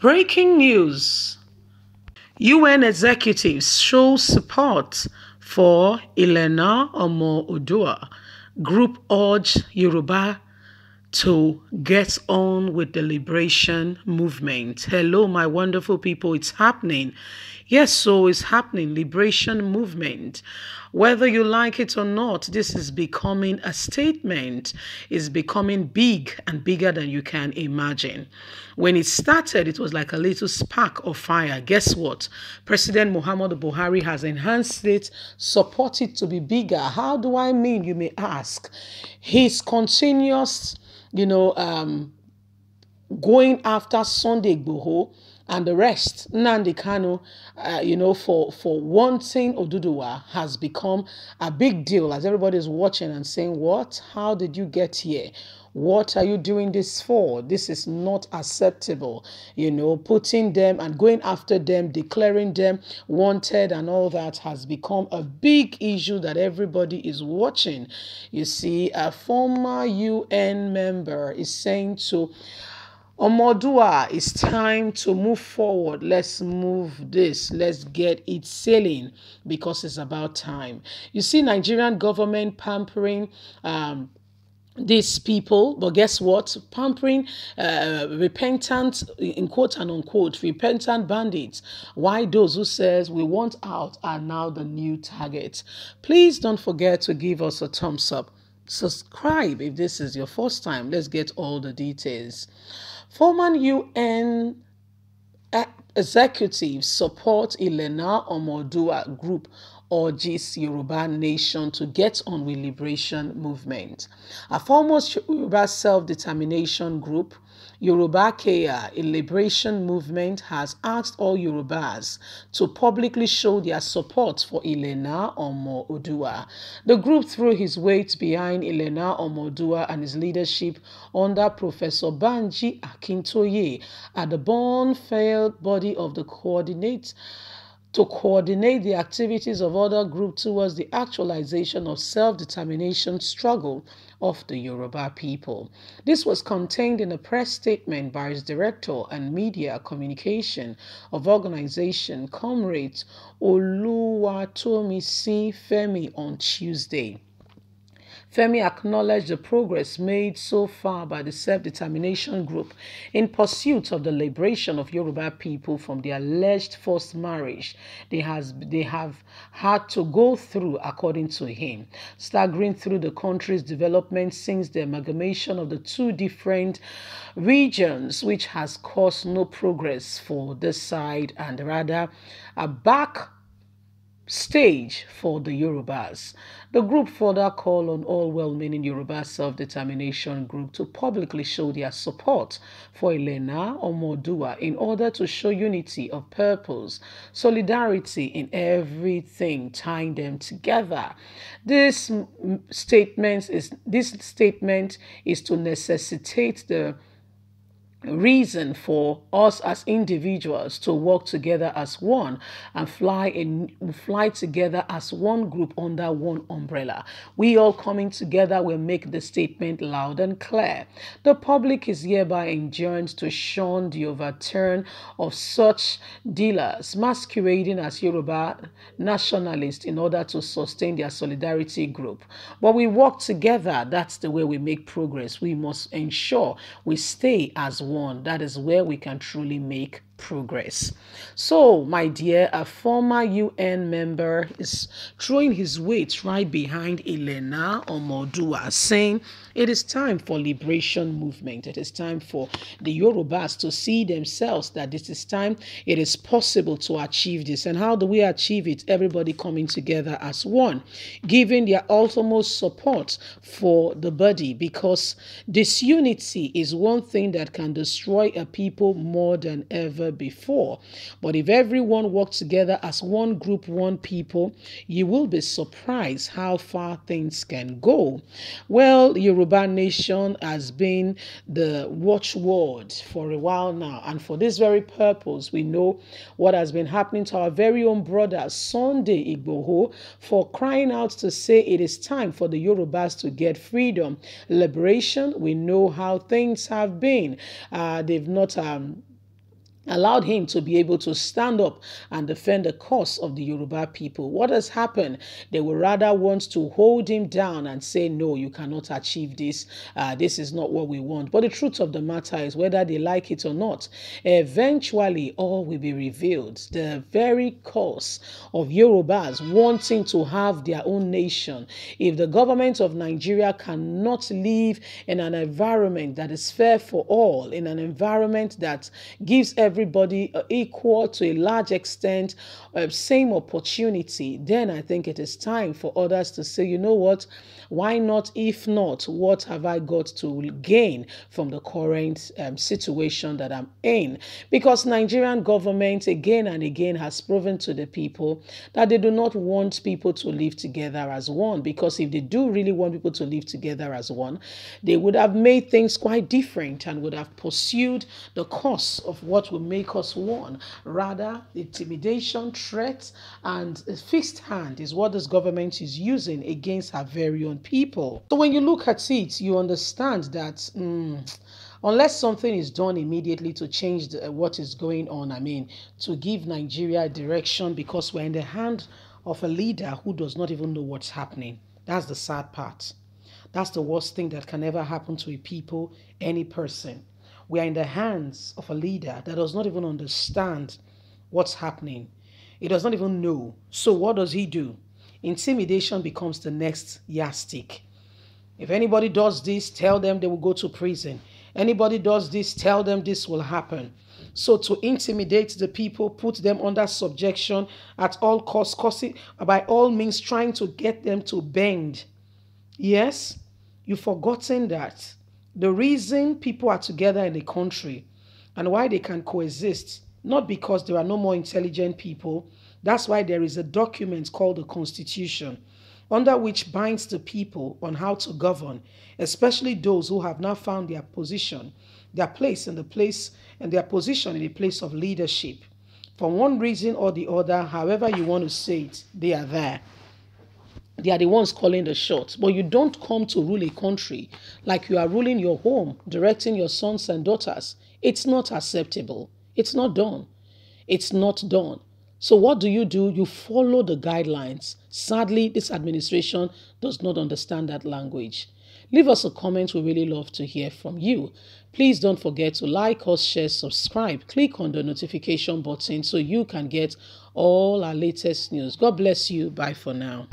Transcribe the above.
Breaking news UN executives show support for Elena Omo Odua. Group urge Yoruba to get on with the liberation movement. Hello, my wonderful people, it's happening. Yes, so it's happening. Liberation movement. Whether you like it or not, this is becoming a statement. It's becoming big and bigger than you can imagine. When it started, it was like a little spark of fire. Guess what? President Muhammad Buhari has enhanced it, supported to be bigger. How do I mean, you may ask? His continuous you know, um, going after Sunday Igboho and the rest, Nandi uh, you know, for, for wanting Oduduwa has become a big deal as everybody is watching and saying, what? How did you get here? What are you doing this for? This is not acceptable. You know, putting them and going after them, declaring them wanted and all that has become a big issue that everybody is watching. You see, a former UN member is saying to Omodua, it's time to move forward. Let's move this. Let's get it sailing because it's about time. You see, Nigerian government pampering um, these people but guess what pampering uh, repentant in quote and unquote repentant bandits why those who says we want out are now the new target please don't forget to give us a thumbs up subscribe if this is your first time let's get all the details former un executive support Elena Omodua Group urges Yoruba nation to get on with liberation movement. A former Yoruba self-determination group, Yoruba Kea, a liberation movement, has asked all Yorubas to publicly show their support for Elena Omo Odua. The group threw his weight behind Elena Omo Odua and his leadership under Professor Banji Akintoye at the Bonn Failed Body of the Coordinate to coordinate the activities of other groups towards the actualization of self-determination struggle of the Yoruba people. This was contained in a press statement by its director and media communication of organization Comrades Oluwatomisi Femi on Tuesday. Femi acknowledged the progress made so far by the self-determination group in pursuit of the liberation of Yoruba people from the alleged forced marriage they, has, they have had to go through, according to him, staggering through the country's development since the amalgamation of the two different regions, which has caused no progress for this side and rather a back stage for the Yorubas. The group further called on all well-meaning Yoruba self-determination group to publicly show their support for Elena Omodua in order to show unity of purpose, solidarity in everything tying them together. This statement is this statement is to necessitate the reason for us as individuals to work together as one and fly in fly together as one group under one umbrella we all coming together will make the statement loud and clear the public is hereby enjoined to shun the overturn of such dealers masquerading as yoruba nationalists in order to sustain their solidarity group but we work together that's the way we make progress we must ensure we stay as one. That is where we can truly make progress. So, my dear, a former UN member is throwing his weight right behind Elena Omodua, saying it is time for liberation movement. It is time for the Yorubas to see themselves that this is time. It is possible to achieve this. And how do we achieve it? Everybody coming together as one, giving their ultimate support for the body because disunity is one thing that can destroy a people more than ever before. But if everyone works together as one group, one people, you will be surprised how far things can go. Well, Yoruba Nation has been the watchword for a while now. And for this very purpose, we know what has been happening to our very own brother, Sunday Igboho, for crying out to say it is time for the Yorubas to get freedom, liberation. We know how things have been. Uh, they've not. Um, allowed him to be able to stand up and defend the cause of the Yoruba people. What has happened? They will rather want to hold him down and say, no, you cannot achieve this. Uh, this is not what we want. But the truth of the matter is, whether they like it or not, eventually all will be revealed. The very cause of Yorubas wanting to have their own nation. If the government of Nigeria cannot live in an environment that is fair for all, in an environment that gives everyone everybody uh, equal to a large extent, uh, same opportunity, then I think it is time for others to say, you know what, why not? If not, what have I got to gain from the current um, situation that I'm in? Because Nigerian government again and again has proven to the people that they do not want people to live together as one. Because if they do really want people to live together as one, they would have made things quite different and would have pursued the course of what we make us one. Rather, intimidation, threats, and a fixed hand is what this government is using against her very own people. So when you look at it, you understand that. Mm, unless something is done immediately to change the, uh, what is going on, I mean, to give Nigeria direction because we're in the hand of a leader who does not even know what's happening. That's the sad part. That's the worst thing that can ever happen to a people, any person we are in the hands of a leader that does not even understand what's happening. He does not even know. So, what does he do? Intimidation becomes the next yardstick. If anybody does this, tell them they will go to prison. Anybody does this, tell them this will happen. So to intimidate the people, put them under subjection at all costs, causing by all means trying to get them to bend. Yes, you've forgotten that the reason people are together in a country and why they can coexist, not because there are no more intelligent people, that's why there is a document called the Constitution, under which binds the people on how to govern, especially those who have not found their position, their place in the place, and their position in the place of leadership. For one reason or the other, however you want to say it, they are there. They are the ones calling the shots. But you don't come to rule a country like you are ruling your home, directing your sons and daughters. It's not acceptable. It's not done. It's not done. So what do you do? You follow the guidelines. Sadly, this administration does not understand that language. Leave us a comment. We really love to hear from you. Please don't forget to like us, share, subscribe. Click on the notification button so you can get all our latest news. God bless you. Bye for now.